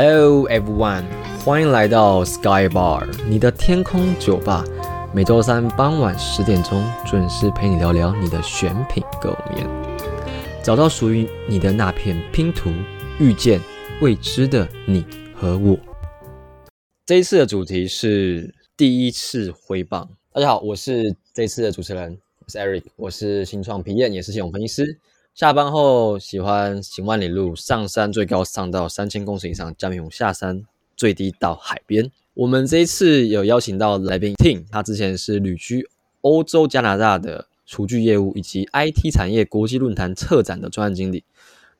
Hello everyone，歡迎來到 Sky Bar 你的天空酒吧。每週三傍晚十點鐘準時陪你聊聊你的選品構面，找到屬於你的那片拼圖，遇見未知的你和我。這一次的主題是第一次揮棒。大家好，我是這次的主持人，我是 Eric，我是新創評鑑，也是信用分析師。下班後喜歡行萬里路，上山最高上到三千公尺以上，加平紅下山最低到海邊。我們這一次有邀請到來賓 Ting，他之前是旅居歐洲、加拿大的廚具業務以及 IT 產業國際論壇策展的專案經理。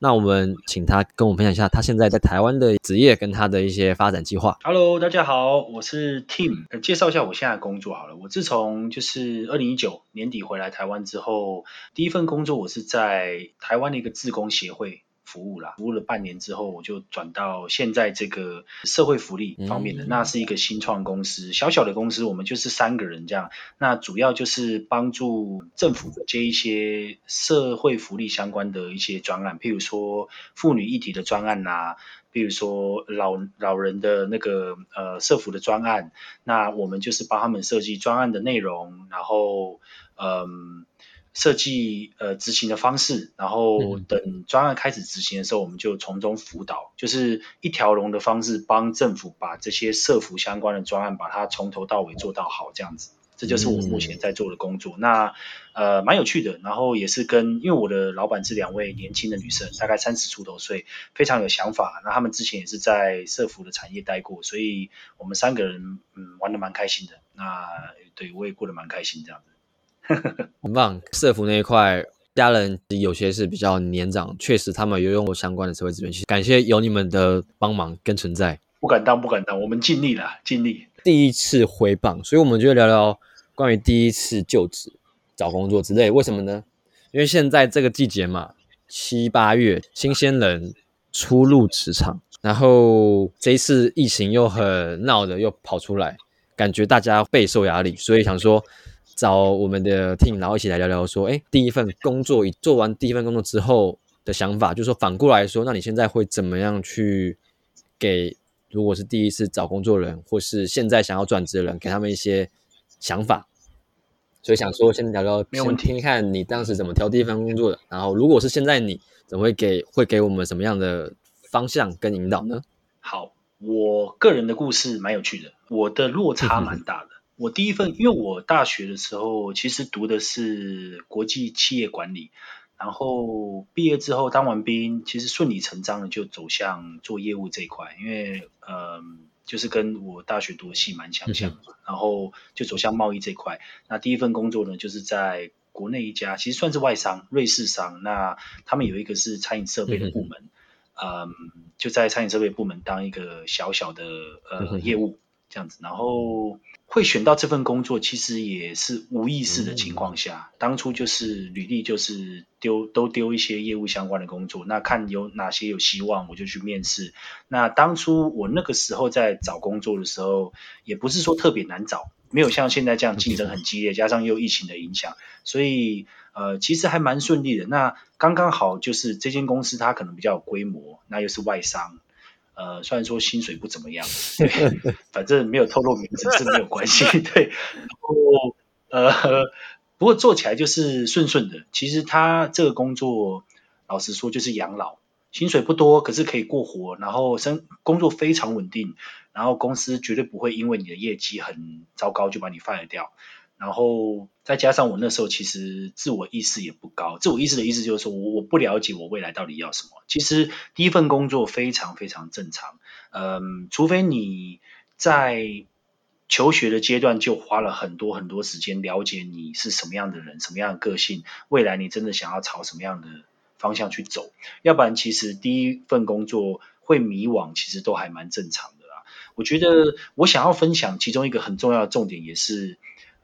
那我們請他跟我們分享一下他現在在台灣的職業跟他的一些發展計劃。Hello，大家好，我是 Tim。嗯。呃，介紹一下我現在的工作好了。我自從就是二零一九年底回來台灣之後，第一份工作我是在台灣的一個志工協會。服務啦，服務了半年之後，我就轉到現在這個社會福利方面的。嗯、那是一個新創公司，小小的公司，我們就是三個人這樣。那主要就是幫助政府接一些社會福利相關的一些專案，譬如說婦女議題的專案啊，譬如說老老人的那個呃社福的專案，那我們就是幫他們設計專案的內容，然後嗯。呃設計呃執行的方式，然後等專案開始執行的時候，嗯、我們就從中輔導，就是一條龍的方式幫政府把這些社服相關的專案，把它從頭到尾做到好這樣子，這就是我目前在做的工作。嗯、那呃蠻有趣的，然後也是跟因為我的老闆是兩位年輕的女生，大概三十出頭歲，非常有想法。那他們之前也是在社服的產業待過，所以我們三個人嗯玩得蠻開心的。那對我也過得蠻開心這樣子。很棒。社福，那一塊，家人有些是比較年長，確實他們有用過相關的社會資源。其實感謝有你們的幫忙跟存在。不敢當，不敢當，我們盡力了，盡力。第一次揮棒，所以我們就聊聊關於第一次就職、找工作之類。為什麼呢？嗯、因為現在這個季節嘛，七八月，新鮮人初入職場，然後這一次疫情又很鬧的，又跑出來，感覺大家備受壓力，所以想說，找我們的 team 然後一起來聊聊，說，哎，第一份工作，以做完第一份工作之後的想法，就是說反過來說，那你現在會怎麼樣去給，如果是第一次找工作的人，或是現在想要轉職的人，給他們一些想法。所以想說，先聊聊，沒有先聽看你當時怎麼挑第一份工作的，然後如果是現在你，怎麼會給會給我們什麼樣的方向跟引導呢？好，我個人的故事蠻有趣的，我的落差蠻大的。 我第一份，因為我大學的時候其實讀的是國際企業管理，然後畢業之後當完兵，其實順理成章的就走向做業務這一塊，因為嗯，就是跟我大學讀的系蠻相像，然後就走向貿易這一塊。那第一份工作呢，就是在國內一家，其實算是外商，瑞士商，那他們有一個是餐飲設備的部門，嗯哼，嗯，就在餐飲設備部門當一個小小的呃業務這樣子，然後。會選到這份工作，其實也是無意識的情況下，當初就是履歷就是丟都丟一些業務相關的工作，那看有哪些有希望，我就去面試。那當初我那個時候在找工作的時候，也不是說特別難找，沒有像現在這樣競爭很激烈，加上又疫情的影響，所以呃其實還蠻順利的。那剛剛好就是這間公司它可能比較有規模，那又是外商。呃，雖然說薪水不怎麼樣，對，反正沒有透露名字是沒有關係，對。然後，呃，不過做起來就是順順的。其實他這個工作，老實說就是養老，薪水不多，可是可以過活。然後生工作非常穩定，然後公司絕對不會因為你的業績很糟糕就把你放掉。然後再加上我那時候其實自我意識也不高。自我意識的意思就是說，我我不了解我未來到底要什麼。其實第一份工作非常非常正常，嗯，除非你在求學的階段就花了很多很多時間了解你是什麼樣的人，什麼樣的個性，未來你真的想要朝什麼樣的方向去走，要不然其實第一份工作會迷惘，其實都還蠻正常的啦。我覺得我想要分享其中一個很重要的重點也是。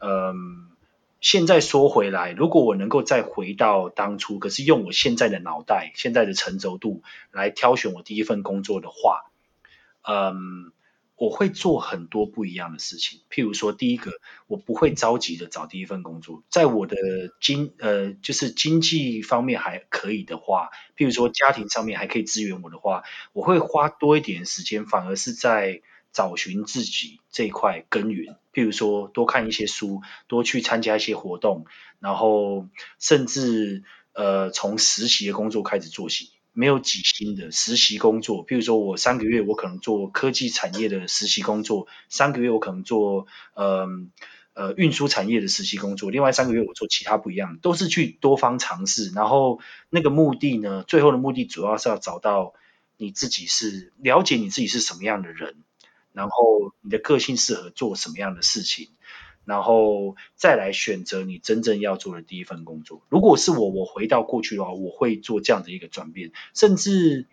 嗯，現在說回來，如果我能夠再回到當初，可是用我現在的腦袋、現在的成熟度來挑選我第一份工作的話，嗯，我會做很多不一樣的事情。譬如說，第一個，我不會着急的找第一份工作。在我的經呃，就是經濟方面還可以的話，譬如說家庭上面還可以支援我的話，我會花多一點時間，反而是在。找尋自己這塊根源，譬如說多看一些書，多去參加一些活動，然後甚至呃從實習的工作開始做起，沒有底薪的實習工作，譬如說我三個月我可能做科技產業的實習工作，三個月我可能做嗯呃、呃運輸產業的實習工作，另外三個月我做其他不一樣，都是去多方嘗試，然後那個目的呢，最後的目的主要是要找到你自己是，了解你自己是什麼樣的人。然後你的個性適合做什麼樣的事情，然後再來選擇你真正要做的第一份工作。如果是我，我回到過去的話，我會做這樣的一個轉變。甚至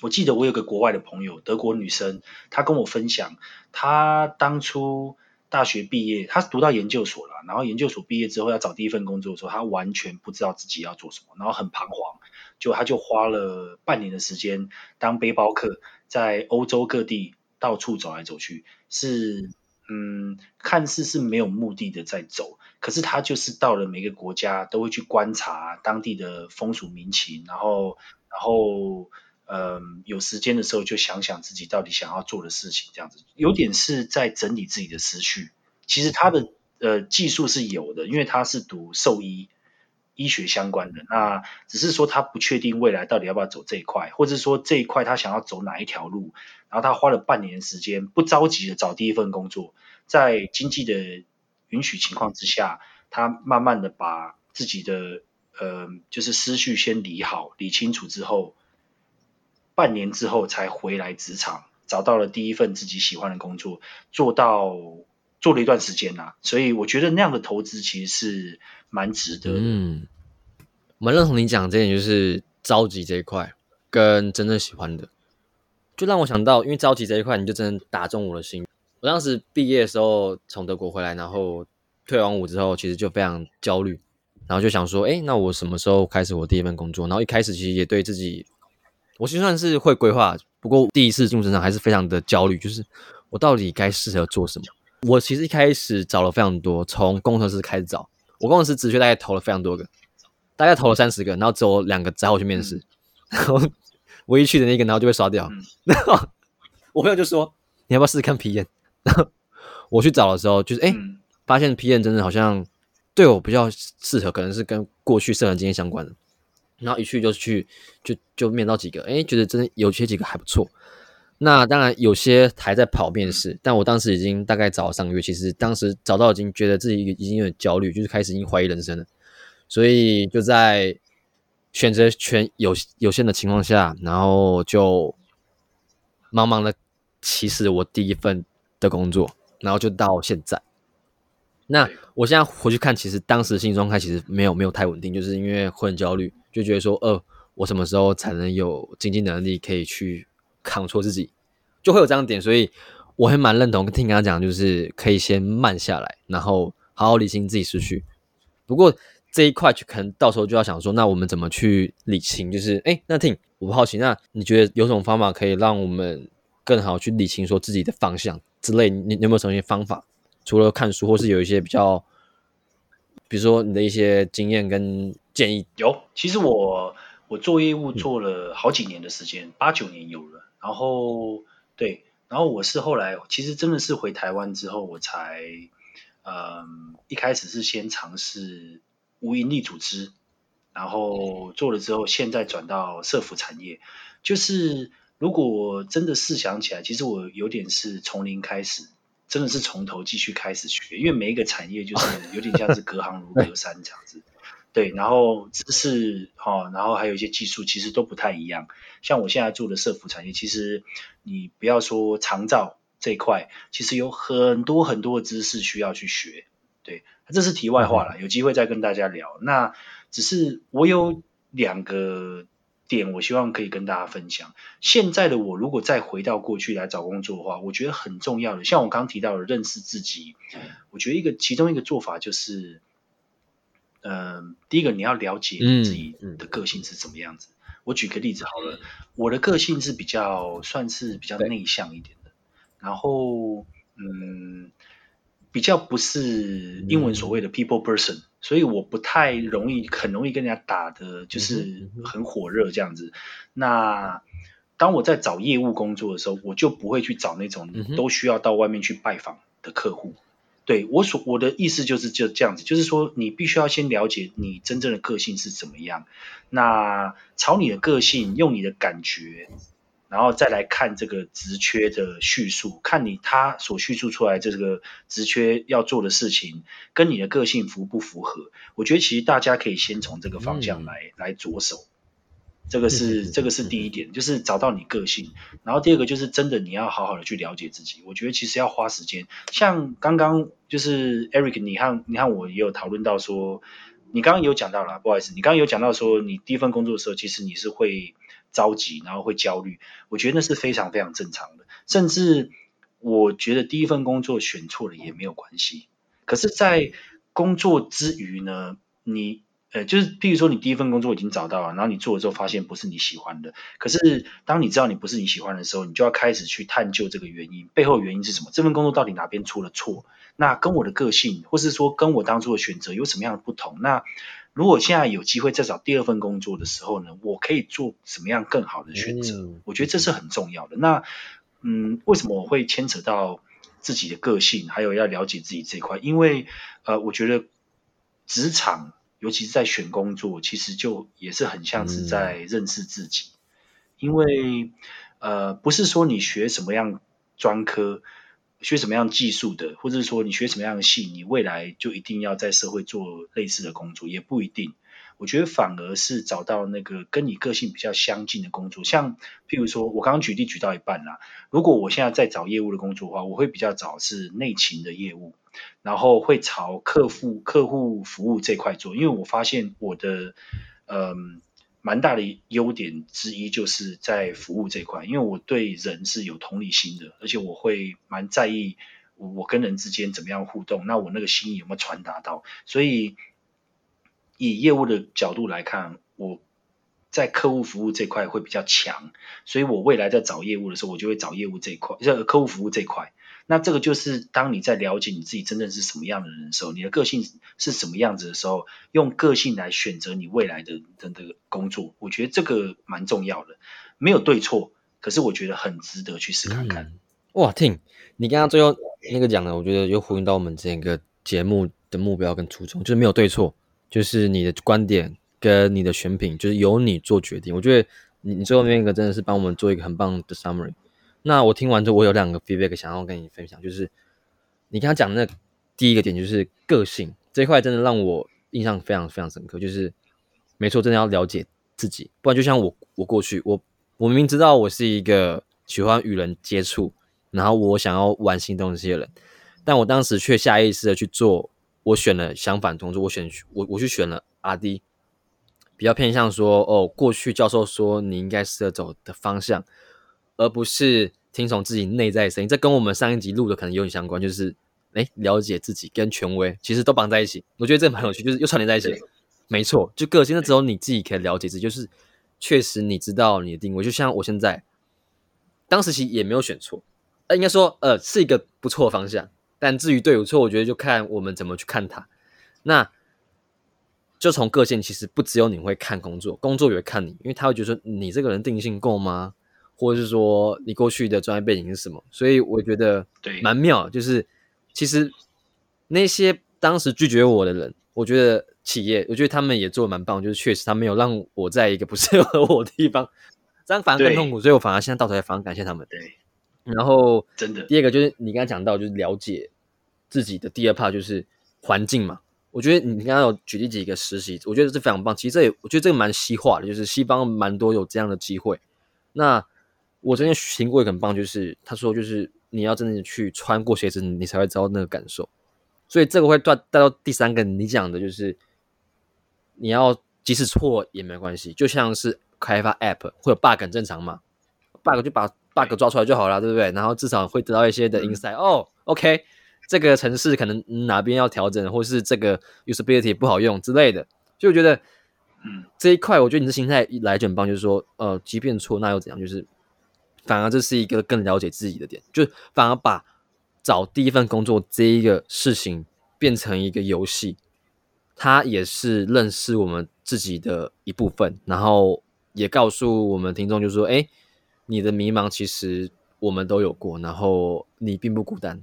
我記得我有個國外的朋友，德國女生，她跟我分享，她當初大學畢業，她讀到研究所了，然後研究所畢業之後要找第一份工作的時候，她完全不知道自己要做什麼，然後很彷徨，就她就花了半年的時間當背包客，在歐洲各地。到處走來走去，是嗯，看似是沒有目的的在走，可是他就是到了每個國家都會去觀察當地的風俗民情，然後，然後，嗯、呃，有時間的時候就想想自己到底想要做的事情，這樣子，有點是在整理自己的思緒。其實他的呃技術是有的，因為他是讀獸醫。醫學相關的，那只是說他不確定未來到底要不要走這一塊，或者說這一塊他想要走哪一條路，然後他花了半年時間，不着急的找第一份工作，在經濟的允許情況之下，他慢慢的把自己的呃就是思緒先理好、理清楚之後，半年之後才回來職場，找到了第一份自己喜歡的工作，做到。做了一段時間啦，啊，所以我覺得那樣的投資其實是蠻值得。嗯，蠻認同你講這點，就是着急這一塊跟真正喜歡的，就讓我想到，因為着急這一塊，你就真的打中我的心。我當時畢業的時候從德國回來，然後退完伍之後，其實就非常焦慮，然後就想說，哎，那我什麼時候開始我第一份工作？然後一開始其實也對自己，我就算是會規劃，不過第一次進入職場還是非常的焦慮，就是我到底該適合做什麼？我其實一開始找了非常多，從工程師開始找，我工程師職缺大概投了非常多個，大概投了三十個，然後只有兩個找我去面試，嗯、然後唯一去的那個，然後就被刷掉。嗯、然後我朋友就說：“你要不要試試看 PM？然後我去找的時候，就是哎，發現 PM 真的好像對我比較適合，可能是跟過去社團經驗相關的。然後一去就去，就就面到幾個，哎，覺得真的有些幾個還不錯。那當然，有些還在跑面試，但我當時已經大概找了三個月，其實當時找到已經覺得自己已經有點焦慮，就是開始已經懷疑人生了，所以就在選擇權有有限的情況下，然後就茫茫的其實我第一份的工作，然後就到現在。那我現在回去看，其實當時心理狀態其實沒有沒有太穩定，就是因為會很焦慮，就覺得說，呃，我什麼時候才能有經濟能力可以去？扛錯自己，就會有這樣的點，所以我還蠻認同。跟聽他講，就是可以先慢下來，然後好好理清自己思緒。不過這一塊，就可能到時候就要想說，那我們怎麼去理清？就是哎，那聽我不好奇，那你覺得有種方法可以讓我們更好去理清說自己的方向之類你？你有沒有什麼方法？除了看書，或是有一些比較，比如說你的一些經驗跟建議。有，其實我我做業務做了好幾年的時間，八九年有了。然後，對，然後我是後來，其實真的是回台灣之後，我才，嗯，一開始是先嘗試無盈利組織，然後做了之後，現在轉到社服產業。就是如果真的是想起來，其實我有點是從零開始，真的是從頭繼續開始學，因為每一個產業就是有點像是隔行如隔山這樣子。 對，然後知識哈、哦，然後還有一些技術，其實都不太一樣。像我現在做的社服產業，其實你不要說長照這一塊，其實有很多很多的知識需要去學。對，這是題外話了，有機會再跟大家聊。那只是我有兩個點，我希望可以跟大家分享。現在的我如果再回到過去來找工作的話，我覺得很重要的，像我剛提到的，認識自己。我覺得一個其中一個做法就是。嗯、呃，第一個你要了解你自己的個性是怎麼樣子。嗯嗯、我舉個例子好了，我的個性是比較算是比較內向一點的，對然後嗯，比較不是英文所謂的 people person，、嗯、所以我不太容易很容易跟人家打的，就是很火熱這樣子。嗯哼嗯哼那當我在找業務工作的時候，我就不會去找那種都需要到外面去拜訪的客戶。嗯對，我所，我的意思就是就這樣子，就是說你必須要先了解你真正的個性是怎麼樣，那朝你的個性用你的感覺，然後再來看這個職缺的敘述，看你他所敘述出來這個職缺要做的事情跟你的個性符不符合？我覺得其實大家可以先從這個方向來、嗯、來着手。這個是這個是第一點，就是找到你個性。然後第二個就是真的你要好好的去了解自己。我覺得其實要花時間。像剛剛就是 Eric，你看你看我也有討論到說，你剛剛有講到啦、啊，不好意思，你剛剛有講到說你第一份工作的時候，其實你是會着急，然後會焦慮。我覺得那是非常非常正常的。甚至我覺得第一份工作選錯了也沒有關係。可是，在工作之餘呢，你。呃，就是譬如說你第一份工作已經找到了，然後你做了之後發現不是你喜歡的，可是當你知道你不是你喜歡的時候，你就要開始去探究這個原因，背後原因是什麼？這份工作到底哪邊出了錯？那跟我的個性，或是說跟我當初的選擇有什麼樣的不同？那如果現在有機會再找第二份工作的時候呢，我可以做什麼樣更好的選擇？我覺得這是很重要的。那嗯，為什麼我會牽扯到自己的個性，還有要了解自己這一塊？因為呃，我覺得職場。尤其是在選工作，其實就也是很像是在認識自己，嗯、因為呃，不是說你學什麼樣專科、學什麼樣技術的，或者是說你學什麼樣的系，你未來就一定要在社會做類似的工作，也不一定。我覺得反而是找到那個跟你個性比較相近的工作，像譬如說，我剛剛舉例舉到一半啦、啊。如果我現在在找業務的工作的話，我會比較找是內勤的業務，然後會朝客戶客戶服務這塊做。因為我發現我的嗯、呃、蠻大的優點之一就是在服務這塊，因為我對人是有同理心的，而且我會蠻在意我跟人之間怎麼樣互動，那我那個心意有沒有傳達到，所以。以業務的角度來看，我在客戶服務這塊會比較強，所以我未來在找業務的時候，我就會找業務這一塊，客戶服務這塊。那這個就是當你在了解你自己真正是什麼樣的人的時候，你的個性是什麼樣子的時候，用個性來選擇你未來的、這個工作，我覺得這個蠻重要的，沒有對錯，可是我覺得很值得去試看看。嗯、哇，聽你剛剛最後那個講的，我覺得又呼應到我們整個節目的目標跟初衷，就是沒有對錯。就是你的觀點跟你的選品，就是由你做決定。我覺得你你最後那個真的是幫我們做一個很棒的 summary。那我聽完之後，我有兩個 feedback 想要跟你分享，就是你剛剛講的那第一個點就是個性這一塊，真的讓我印象非常非常深刻。就是沒錯，真的要了解自己，不然就像我我過去我我明明知道我是一個喜歡與人接觸，然後我想要玩新東西的人，但我當時卻下意識的去做。我選了相反動作，我選我我去選了阿迪，比較偏向說哦，過去教授說你應該適合走的方向，而不是聽從自己內在聲音。這跟我們上一集錄的可能有點相關，就是哎、欸，了解自己跟權威其實都綁在一起。我覺得這個蠻有趣，就是又串聯在一起。對沒錯，就個性那只有你自己可以了解自己，就是確實你知道你的定位，就像我現在，當時其實也沒有選錯，應該說呃是一個不錯的方向。但至於對與錯，我覺得就看我們怎麼去看他。那，就從個性，其實不只有你會看工作，工作也會看你，因為他會覺得說你這個人定性夠嗎？或者是說你過去的專業背景是什麼？所以我覺得對，蠻妙，就是其實那些當時拒絕我的人，我覺得企業，我覺得他們也做的蠻棒，就是確實他沒有讓我在一個不適合我的地方，這樣反而更痛苦，對所以我反而現在到頭來反而感謝他們。對。然後，真的，第二個就是你剛才講到，就是了解自己的第二 part 就是環境嘛。我覺得你剛剛有舉例幾個實習，我覺得這非常棒。其實這也我覺得這個蠻西化的，就是西方蠻多有這樣的機會。那我昨天聽過一個很棒，就是他說就是你要真的去穿過鞋子，你才會知道那個感受。所以這個會帶帶到第三個你講的就是你要即使錯也沒關係，就像是開發 app 會有 bug 正常嘛，bug 就把。bug 抓出來就好了，對不對？然後至少會得到一些的 insight、嗯、哦。OK，這個程式，可能哪邊要調整，或是這個 usability 不好用之類的。就我覺得這一塊，我覺得你的心態一來就很棒，就是說，呃，即便錯那又怎樣？就是反而這是一個更了解自己的點，就反而把找第一份工作這一個事情，變成一個遊戲，它也是認識我們自己的一部分，然後也告訴我們聽眾，就是說，誒、欸。你的迷茫其實我們都有過，然後你並不孤單，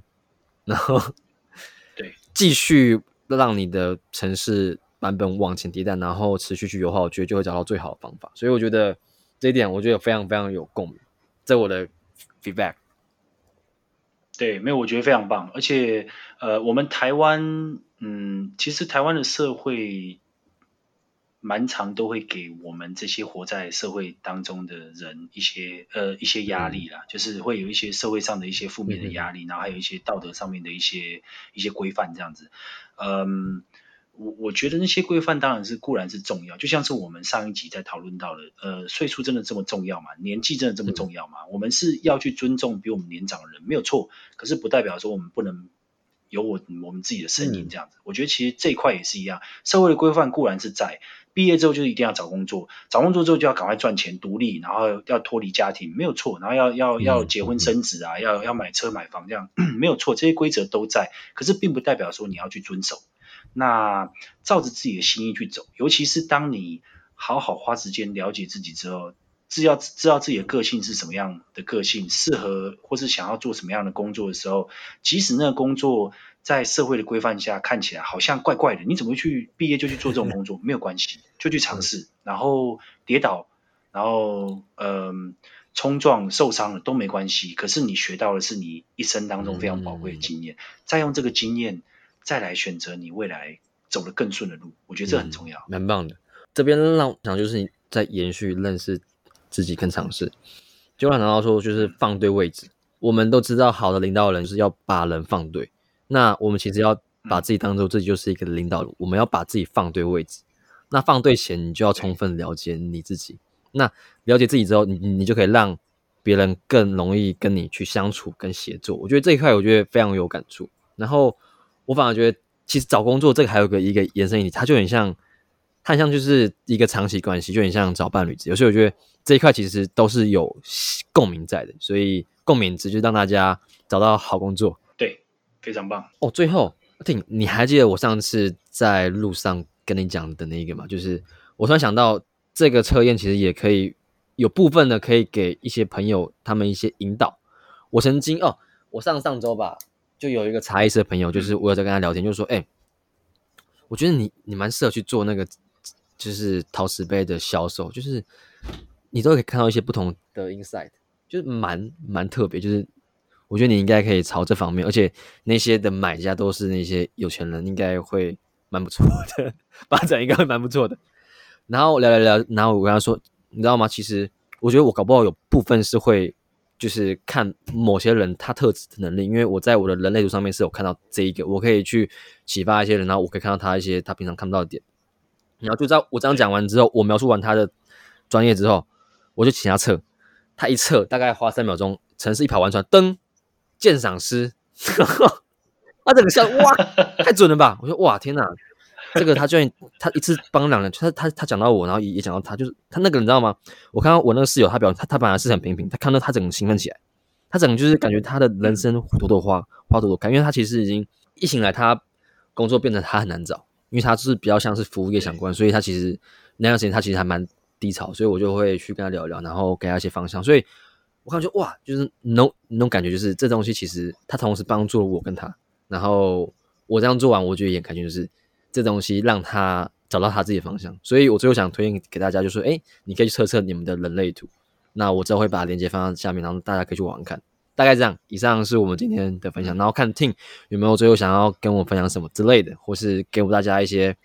然後對，繼續讓你的城市版本往前迭代，然後持續去優化，我覺得就會找到最好的方法。所以我覺得這一點，我覺得非常非常有共鳴。在我的 feedback，對，沒有，我覺得非常棒。而且呃，我們台灣，嗯，其實台灣的社會。蠻常都會給我們這些活在社會當中的人一些呃一些壓力啦，嗯、就是會有一些社會上的一些負面的壓力，嗯、然後還有一些道德上面的一些一些規範這樣子。嗯，我我覺得那些規範當然是固然是重要，就像是我們上一集在討論到的，呃，歲數真的這麼重要嗎？年紀真的這麼重要嗎？嗯、我們是要去尊重比我們年長的人，沒有錯。可是不代表說我們不能有我我們自己的聲音這樣子。嗯、我覺得其實這一塊也是一樣，社會的規範固然是在，畢業之後就一定要找工作，找工作之後就要趕快賺錢獨立，然後要脫離家庭，沒有錯。然後要要要結婚生子啊，嗯、要要買車買房，這樣沒有錯。這些規則都在，可是並不代表說你要去遵守，那照着自己的心意去走，尤其是當你好好花時間了解自己之後，知道知道自己的個性是什麼樣的個性，適合或是想要做什麼樣的工作的時候，即使那個工作，在社會的規範下，看起來好像怪怪的。你怎麼去畢業就去做這種工作？ 沒有關係，就去嘗試，然後跌倒，然後嗯、呃，衝撞受傷了都沒關係。可是你學到的是你一生當中非常寶貴的經驗。嗯、再用這個經驗，再來選擇你未來走得更順的路，我覺得這很重要。嗯、蠻棒的，這邊讓我想就是你在延續認識自己跟嘗試，就讓講到說就是放對位置。嗯、我們都知道，好的領導人是要把人放對。那我們其實要把自己當做自己就是一個領導，嗯、我們要把自己放對位置。那放對前，你就要充分了解你自己。那了解自己之後你，你你就可以讓別人更容易跟你去相處跟協作。我覺得這一塊，我覺得非常有感觸。然後我反而覺得，其實找工作這個還有個一個延伸一點，它就很像，它很像就是一個長期關係，就很像找伴侶。有時候我覺得這一塊其實都是有共鳴在的，所以共鳴直接、就是、讓大家找到好工作。非常棒哦！最後，丁，你還記得我上次在路上跟你講的那一個嗎？就是我突然想到，這個測驗其實也可以有部分的，可以給一些朋友他們一些引導。我曾經哦，我上上周吧，就有一個茶藝師的朋友，就是我有在跟他聊天，嗯、就是說：哎、欸，我覺得你你蠻適合去做那個，就是陶瓷杯的銷售，就是你都可以看到一些不同的 insight，就是蠻蠻特別，就是。我覺得你應該可以朝這方面，而且那些的買家都是那些有錢人，應該會蠻不錯的，發展應該會蠻不錯的。然後聊聊聊，然後我跟他說，你知道嗎？其實我覺得我搞不好有部分是會，就是看某些人他特質的能力，因為我在我的人類圖上面是有看到這一個，我可以去啟發一些人，然後我可以看到他一些他平常看不到的點。然後就在我這樣講完之後，我描述完他的專業之後，我就請他測，他一測大概花三秒鐘，城市一跑完出來，噔。鑒賞劍師，哈哈，他這個笑，哇，太準了吧！我說，哇，天哪，這個他居然他一次幫兩人，他他他講到我，然後也也講到他，就是他那個你知道嗎？我看到我那個室友，他表他他本來是很平平，他看到他整個興奮起來，他整個就是感覺他的人生朵朵花花朵朵開，因為他其實已經一醒來，他工作變得他很難找，因為他是比較像是服務業相關，所以他其實那段時間他其實還蠻低潮，所以我就會去跟他聊一聊，然後給他一些方向，所以。我感覺哇，就是那那種感覺，就是這東西其實它同時幫助了我跟他。然後我這樣做完，我覺得也感覺就是這東西讓他找到他自己的方向。所以我最後想推薦給大家，就是誒、欸，你可以去測測你們的人類圖。那我之後會把鏈接放在下面，然後大家可以去網上看。大概這樣，以上是我們今天的分享。然後看聽有沒有最後想要跟我分享什麼之類的，或是給我們大家一些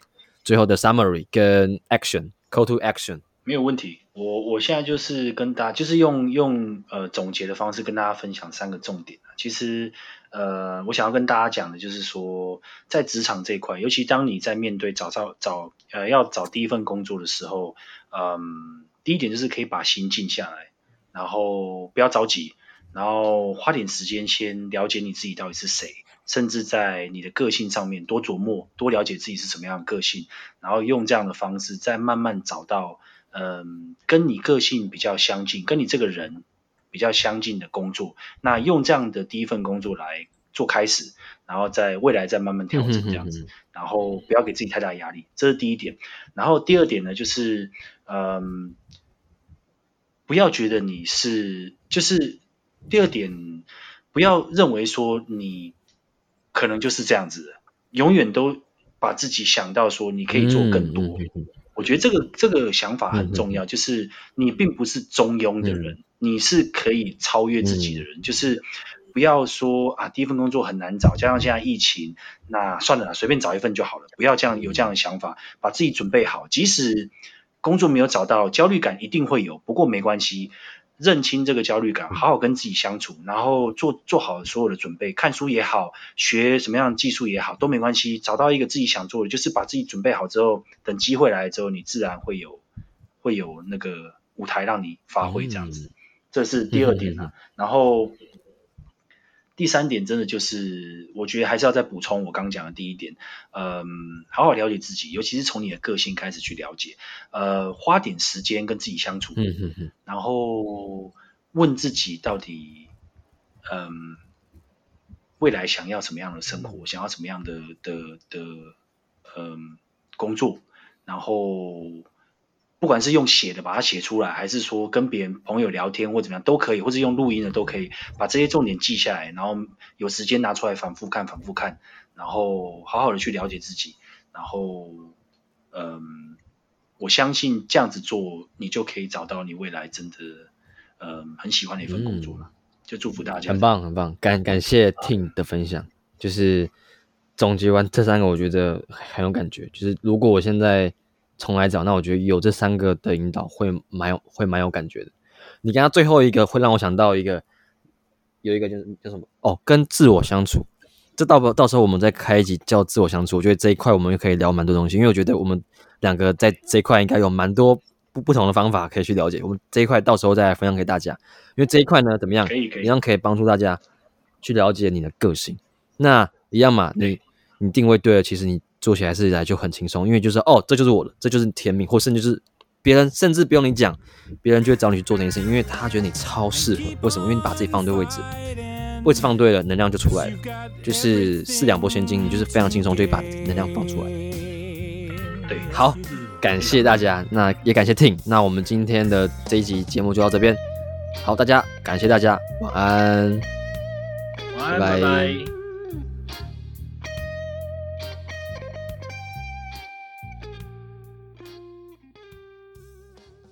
最後的 summary 跟 action，call to action。沒有問題，我我現在就是跟大家，就是用用呃總結的方式跟大家分享三個重點。其實呃，我想要跟大家講的，就是說在職場這一塊，尤其當你在面對找找找呃要找第一份工作的時候，嗯、呃，第一點就是可以把心靜下來，然後不要着急，然後花點時間先了解你自己到底是誰，甚至在你的個性上面多琢磨，多了解自己是什麼樣的個性，然後用這樣的方式再慢慢找到。嗯，跟你個性比較相近，跟你這個人比較相近的工作，那用這樣的第一份工作來做開始，然後在未來再慢慢調整這樣子，嗯哼哼。然後不要給自己太大壓力，這是第一點。然後第二點呢，就是嗯，不要覺得你是，就是第二點，不要認為說你可能就是這樣子的，永遠都把自己想到說你可以做更多。嗯哼哼。我覺得這個這個想法很重要，嗯、就是你並不是中庸的人，嗯、你是可以超越自己的人，嗯、就是不要說啊，第一份工作很難找，加上現在疫情，那算了，隨便找一份就好了，不要這樣有這樣的想法，把自己準備好，即使工作沒有找到，焦慮感一定會有，不過沒關係。認清這個焦慮感，好好跟自己相處，然後做做好所有的準備，看書也好，學什麼樣的技術也好，都沒關係，找到一個自己想做的，就是把自己準備好之後，等機會來之後，你自然會有會有那個舞台讓你發揮，嗯、這樣子，這是第二點哈、啊，嗯嗯嗯、然後。第三點真的就是，我覺得還是要再補充我剛剛講的第一點，嗯，好好了解自己，尤其是從你的個性開始去了解，呃，花點時間跟自己相處，然後問自己到底，嗯，未來想要什麼樣的生活，想要什麼樣的的的，嗯，工作，然後。不管是用寫的把它寫出來，還是說跟別人朋友聊天或怎麼樣都可以，或者用錄音的都可以，把這些重點記下來，然後有時間拿出來反覆看、反覆看，然後好好的去了解自己，然後嗯，我相信這樣子做，你就可以找到你未來真的呃、嗯、很喜歡的一份工作了。嗯、就祝福大家。很棒，很棒，感感謝 Tim 的分享，嗯、就是總結完這三個，我覺得很有感覺。嗯、就是如果我現在。從來找那，我覺得有這三個的引導會蠻有，會蠻有感覺的。你剛剛最後一個會讓我想到一個，有一個就是叫什麼？哦，跟自我相處。這到不到時候我們再開一集叫自我相處，我覺得這一塊我們又可以聊蠻多東西，因為我覺得我們兩個在這一塊應該有蠻多不不同的方法可以去了解。我們這一塊到時候再來分享給大家，因為這一塊呢，怎麼樣？一樣可以幫助大家去了解你的個性。那一樣嘛，你你定位對了，其實你。做起來是來就很輕鬆，因為就是哦，這就是我的，這就是甜品，或甚至就是別人，甚至不用你講，別人就會找你去做這件事，因為他覺得你超適合。為什麼？因為你把自己放對位置，位置放對了，能量就出來了。就是四兩撥千斤，你就是非常輕鬆，就會把能量放出來。對，好，感謝大家，那也感謝 Ting，那我們今天的這一集節目就到這邊。好，大家感謝大家，晚安，晚安拜拜。拜拜。